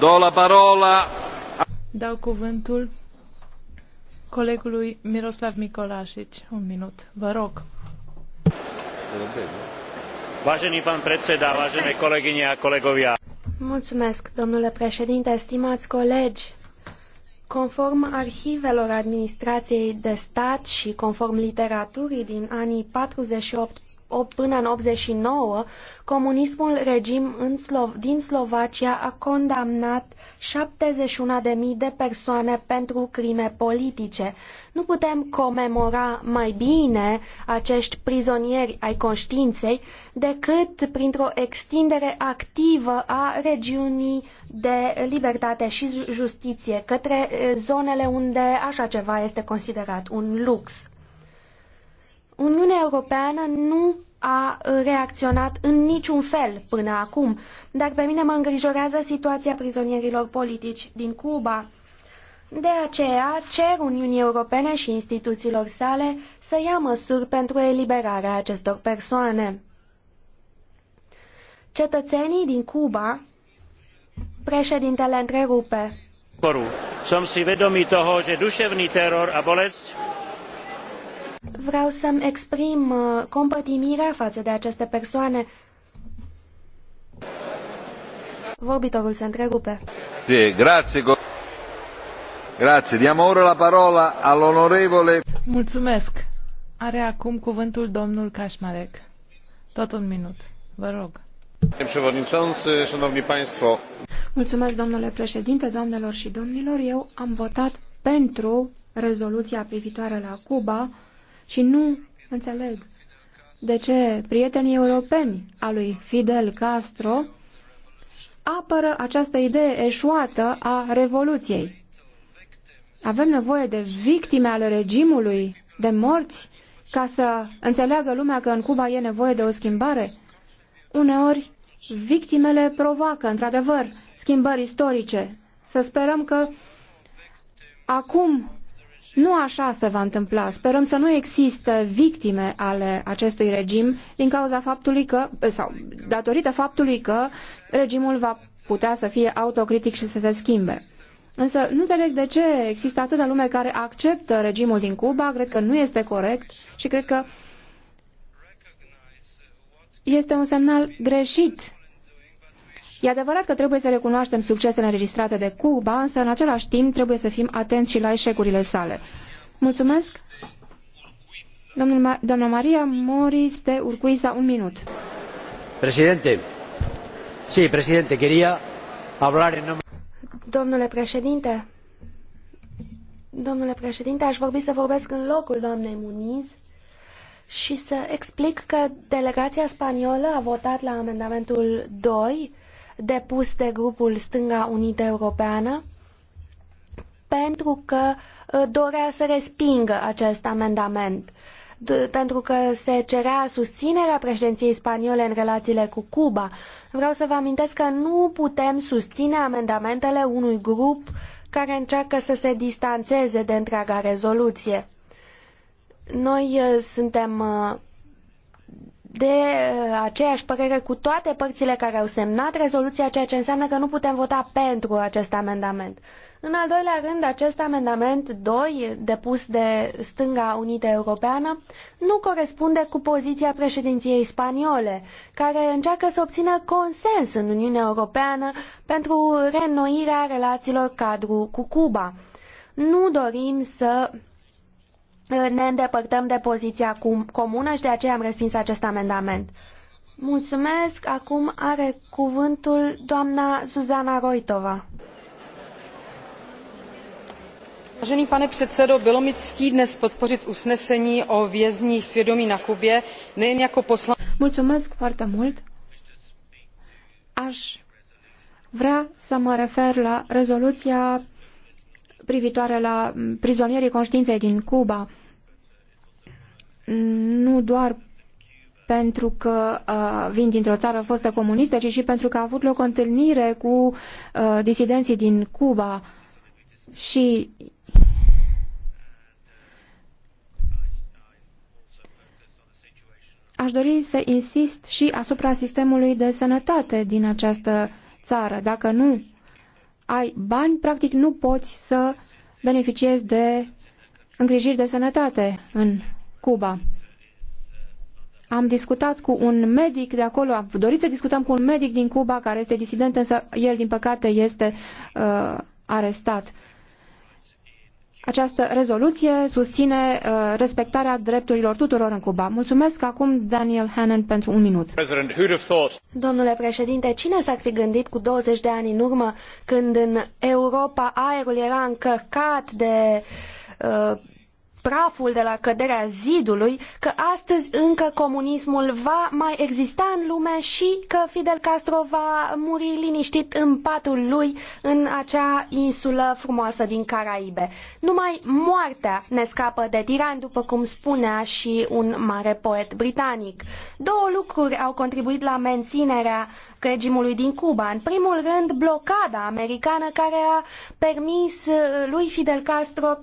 Do la parola. Dau cuvântul colegului Miroslav Mikolašić. Un minut, vă rog. Vážený pán predseda, vážené kolegyne a kolegovia. Mulțumesc, domnule președinte, stimați colegi. Conform arhivelor administrației de stat și conform literaturii din anii 48 până în 89, comunismul regim în Slo- din Slovacia a condamnat 71.000 de persoane pentru crime politice. Nu putem comemora mai bine acești prizonieri ai conștiinței decât printr-o extindere activă a regiunii de libertate și justiție către eh, zonele unde așa ceva este considerat un lux. Uniunea Europeană nu a reacționat în niciun fel până acum, dar pe mine mă îngrijorează situația prizonierilor politici din Cuba. De aceea cer Uniunii Europene și instituțiilor sale să ia măsuri pentru eliberarea acestor persoane. Cetățenii din Cuba, președintele întrerupe. Som si vedomi toho, že duševný teror a bolesť Vreau să-mi exprim uh, compătimirea față de aceste persoane. Vorbitorul se întrerupe. De, grazie. Grazie. Diamo ora la parola all'onorevole. Mulțumesc. Are acum cuvântul domnul Kaczmarek. Tot un minut. Vă rog. Mulțumesc, domnule președinte, doamnelor și domnilor. Eu am votat pentru rezoluția privitoare la Cuba, și nu înțeleg de ce prietenii europeni a lui Fidel Castro apără această idee eșuată a Revoluției. Avem nevoie de victime ale regimului, de morți, ca să înțeleagă lumea că în Cuba e nevoie de o schimbare? Uneori, victimele provoacă, într-adevăr, schimbări istorice. Să sperăm că acum nu așa se va întâmpla. Sperăm să nu existe victime ale acestui regim din cauza faptului că, sau datorită faptului că regimul va putea să fie autocritic și să se schimbe. Însă nu înțeleg de ce există atâta lume care acceptă regimul din Cuba, cred că nu este corect și cred că este un semnal greșit E adevărat că trebuie să recunoaștem succesele înregistrate de Cuba, însă în același timp trebuie să fim atenți și la eșecurile sale. Mulțumesc! Domnul, doamna Maria Moris de Urquiza, un minut. Președinte, sí, președinte, quería hablar en nombre... Domnule președinte, domnule președinte, aș vorbi să vorbesc în locul doamnei Muniz și să explic că delegația spaniolă a votat la amendamentul 2 depus de grupul Stânga Unită Europeană pentru că uh, dorea să respingă acest amendament pentru că se cerea susținerea președinției spaniole în relațiile cu Cuba. Vreau să vă amintesc că nu putem susține amendamentele unui grup care încearcă să se distanțeze de întreaga rezoluție. Noi uh, suntem uh, de uh, aceeași părere cu toate părțile care au semnat rezoluția, ceea ce înseamnă că nu putem vota pentru acest amendament. În al doilea rând, acest amendament 2, depus de Stânga Unită Europeană, nu corespunde cu poziția președinției spaniole, care încearcă să obțină consens în Uniunea Europeană pentru reînnoirea relațiilor cadru cu Cuba. Nu dorim să ne îndepărtăm de poziția comună și de aceea am respins acest amendament. Mulțumesc. Acum are cuvântul doamna Zuzana Roitova. Vážený pane předsedo, bylo mi ctí dnes podpořit usnesení o vězních svědomí na Kubě, nejen jako poslanec. Mulțumesc foarte mult. Aș vrea să mă refer la rezoluția privitoare la prizonierii conștiinței din Cuba nu doar pentru că uh, vin dintr-o țară fostă comunistă, ci și pentru că a avut loc o întâlnire cu uh, disidenții din Cuba și aș dori să insist și asupra sistemului de sănătate din această țară. Dacă nu ai bani, practic nu poți să beneficiezi de îngrijiri de sănătate în Cuba. Am discutat cu un medic de acolo, am dorit să discutăm cu un medic din Cuba care este disident, însă el, din păcate, este uh, arestat. Această rezoluție susține uh, respectarea drepturilor tuturor în Cuba. Mulțumesc acum Daniel Hannan pentru un minut. Domnule președinte, cine s-ar fi gândit cu 20 de ani în urmă când în Europa aerul era încărcat de uh, praful de la căderea zidului că astăzi încă comunismul va mai exista în lume și că Fidel Castro va muri liniștit în patul lui în acea insulă frumoasă din Caraibe. Numai moartea ne scapă de tirani, după cum spunea și un mare poet britanic. Două lucruri au contribuit la menținerea regimului din Cuba. În primul rând, blocada americană care a permis lui Fidel Castro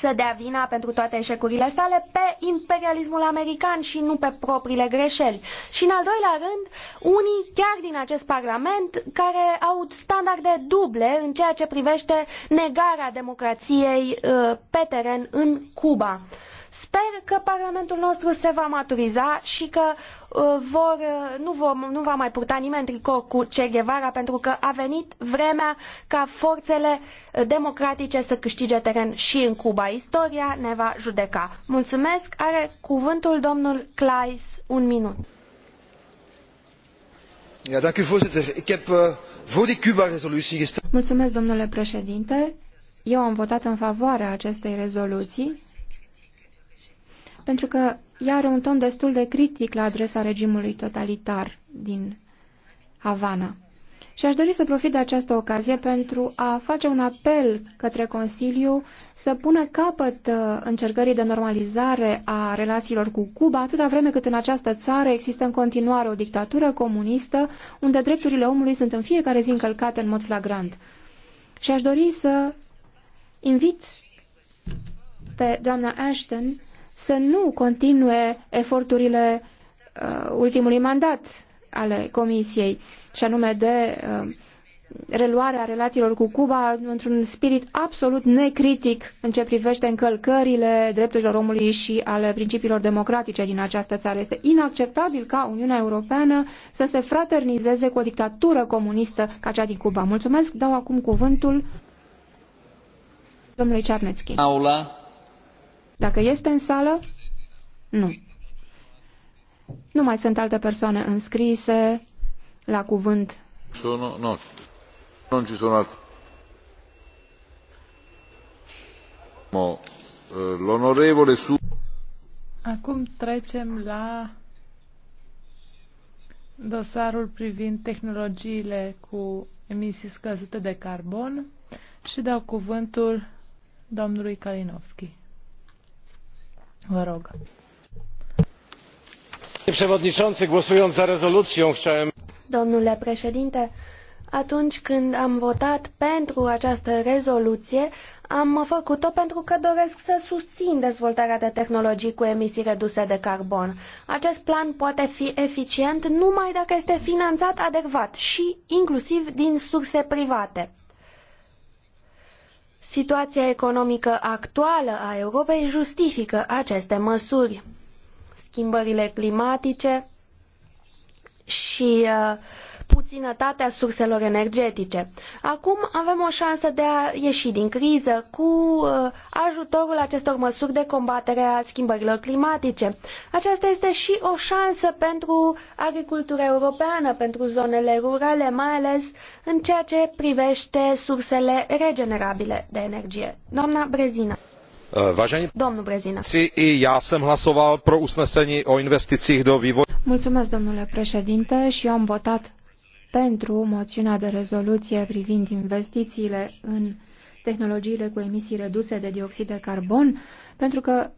să dea vina pentru toate eșecurile sale pe imperialismul american și nu pe propriile greșeli. Și în al doilea rând, unii chiar din acest parlament care au standarde duble în ceea ce privește negarea democrației uh, pe teren în Cuba. Sper că Parlamentul nostru se va maturiza și că uh, vor, uh, nu, vor, nu va mai purta nimeni tricou cu Che Guevara pentru că a venit vremea ca forțele uh, democratice să câștige teren și în Cuba. Istoria ne va judeca. Mulțumesc. Are cuvântul domnul Claes. Un minut. Ja, dank u voorzitter. Ik heb uh, voor die Cuba-resolutie gestemd. Mulțumesc, domnule președinte. Eu am votat în favoarea acestei rezoluții pentru că ea are un ton destul de critic la adresa regimului totalitar din Havana. Și aș dori să profit de această ocazie pentru a face un apel către Consiliu să pună capăt uh, încercării de normalizare a relațiilor cu Cuba, atâta vreme cât în această țară există în continuare o dictatură comunistă, unde drepturile omului sunt în fiecare zi încălcate în mod flagrant. Și aș dori să invit pe doamna Ashton să nu continue eforturile uh, ultimului mandat ale Comisiei, și anume de uh, reluarea relațiilor cu Cuba într-un spirit absolut necritic în ceea ce privește încălcările drepturilor omului și ale principiilor democratice din această țară. Este inacceptabil ca Uniunea Europeană să se fraternizeze cu o dictatură comunistă ca cea din Cuba. Mulțumesc, dau acum cuvântul domnului Cernețchi. Aula dacă este în sală? Nu. Nu mai sunt alte persoane înscrise la cuvânt. Sono, no. Non ci sono altri. Eh, l'onorevole su... Acum trecem la dosarul privind tehnologiile cu emisii scăzute de carbon și dau cuvântul domnului Kalinowski. Domnule președinte, atunci când am votat pentru această rezoluție, am făcut-o pentru că doresc să susțin dezvoltarea de tehnologii cu emisii reduse de carbon. Acest plan poate fi eficient numai dacă este finanțat adecvat și inclusiv din surse private. Situația economică actuală a Europei justifică aceste măsuri. Schimbările climatice și uh, puținătatea surselor energetice. Acum avem o șansă de a ieși din criză cu uh, ajutorul acestor măsuri de combatere a schimbărilor climatice. Aceasta este și o șansă pentru agricultura europeană, pentru zonele rurale, mai ales în ceea ce privește sursele regenerabile de energie. Doamna Brezina. Uh, vážení poslanci, i já jsem hlasoval pro usnesení o investicích do vývoje. Mulțumesc, domnule președinte, și eu am votat pentru moțiunea de rezoluție privind investițiile în tehnologiile cu emisii reduse de dioxid de carbon, pentru că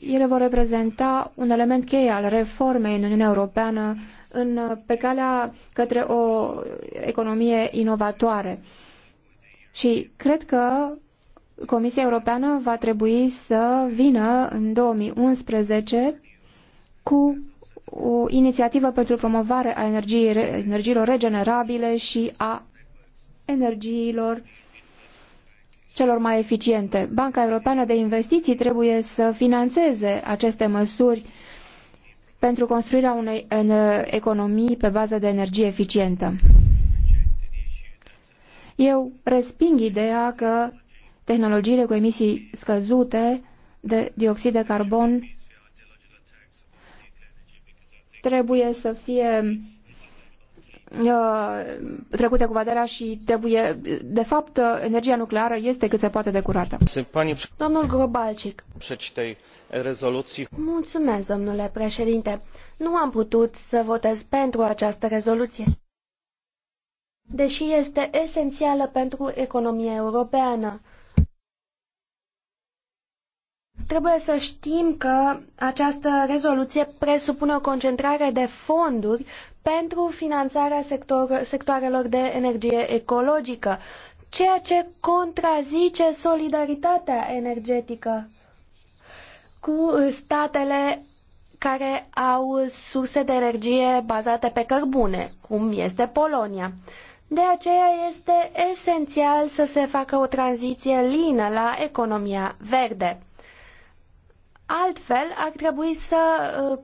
ele vor reprezenta un element cheie al reformei în Uniunea Europeană în, pe calea către o economie inovatoare. Și cred că Comisia Europeană va trebui să vină în 2011 cu o inițiativă pentru promovare a energiei, energiilor regenerabile și a energiilor celor mai eficiente. Banca Europeană de Investiții trebuie să financeze aceste măsuri pentru construirea unei economii pe bază de energie eficientă. Eu resping ideea că tehnologiile cu emisii scăzute de dioxid de carbon trebuie să fie uh, trecute cu vederea și trebuie, de fapt, energia nucleară este cât se poate de curată. Domnul Grobalcic. Mulțumesc, domnule președinte. Nu am putut să votez pentru această rezoluție, deși este esențială pentru economia europeană. Trebuie să știm că această rezoluție presupune o concentrare de fonduri pentru finanțarea sector, sectoarelor de energie ecologică, ceea ce contrazice solidaritatea energetică cu statele care au surse de energie bazate pe cărbune, cum este Polonia. De aceea este esențial să se facă o tranziție lină la economia verde. Altfel, ar trebui să uh,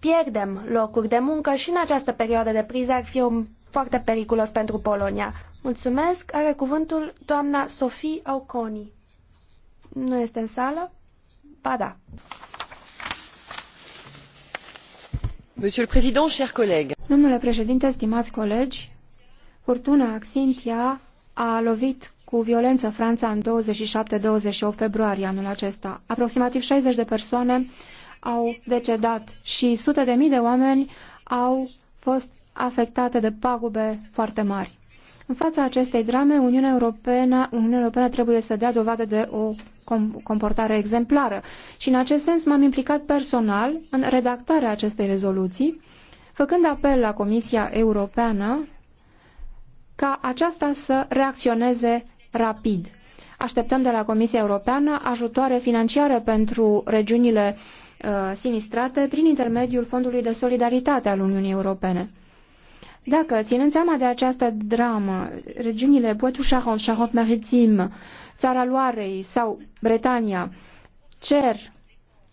pierdem locuri de muncă și în această perioadă de priză ar fi un foarte periculos pentru Polonia. Mulțumesc. Are cuvântul doamna Sofie Auconi. Nu este în sală? Ba da. Monsieur le Président, chers collègues. Domnule președinte, stimați colegi, furtuna Xintia a lovit cu violență Franța în 27-28 februarie anul acesta. Aproximativ 60 de persoane au decedat și sute de mii de oameni au fost afectate de pagube foarte mari. În fața acestei drame, Uniunea Europeană, Uniunea Europeană trebuie să dea dovadă de o comportare exemplară. Și în acest sens m-am implicat personal în redactarea acestei rezoluții, făcând apel la Comisia Europeană ca aceasta să reacționeze rapid. Așteptăm de la Comisia Europeană ajutoare financiare pentru regiunile uh, sinistrate prin intermediul Fondului de Solidaritate al Uniunii Europene. Dacă, ținând seama de această dramă, regiunile Poitou-Charentes, Charente-Maritime, Țara Loarei sau Bretania cer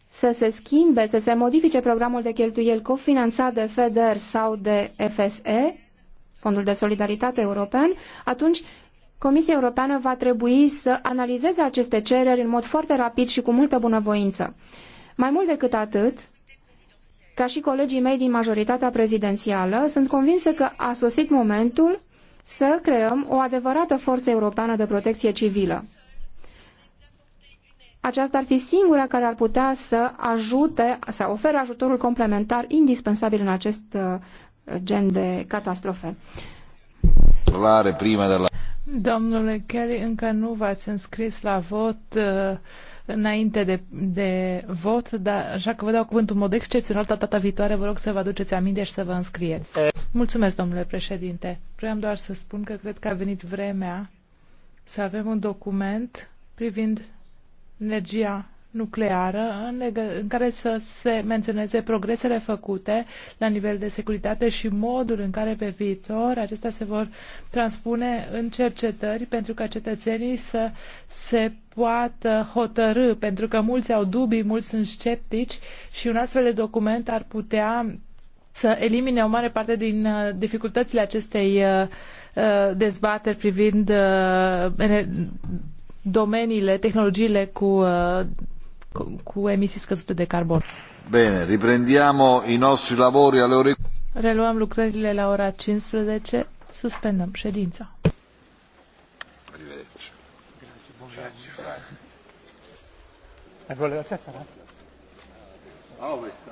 să se schimbe, să se modifice programul de cheltuieli cofinanțat de FEDER sau de FSE, Fondul de Solidaritate European, atunci Comisia Europeană va trebui să analizeze aceste cereri în mod foarte rapid și cu multă bunăvoință. Mai mult decât atât, ca și colegii mei din majoritatea prezidențială, sunt convinsă că a sosit momentul să creăm o adevărată forță europeană de protecție civilă. Aceasta ar fi singura care ar putea să ajute, să ofere ajutorul complementar indispensabil în acest uh, gen de catastrofe. Prima de la... Domnule Kelly, încă nu v-ați înscris la vot uh, înainte de, de vot, dar așa că vă dau cuvântul în mod excepțional data viitoare, vă rog să vă aduceți aminte și să vă înscrieți. Mulțumesc, domnule președinte. Vreau doar să spun că cred că a venit vremea să avem un document privind energia nucleară în, în care să se menționeze progresele făcute la nivel de securitate și modul în care pe viitor acestea se vor transpune în cercetări pentru ca cetățenii să se poată hotărâ, pentru că mulți au dubii, mulți sunt sceptici și un astfel de document ar putea să elimine o mare parte din uh, dificultățile acestei uh, uh, dezbateri privind domeniile, tehnologiile cu cu emisii scăzute de carbon. Bine, riprendiamo i nostri lavori alle ore... Reluăm lucrările la ora 15, suspendăm ședința. Arrivederci. Grazie, buongiorno. Grazie. E voleva te sarà? Ah, oh,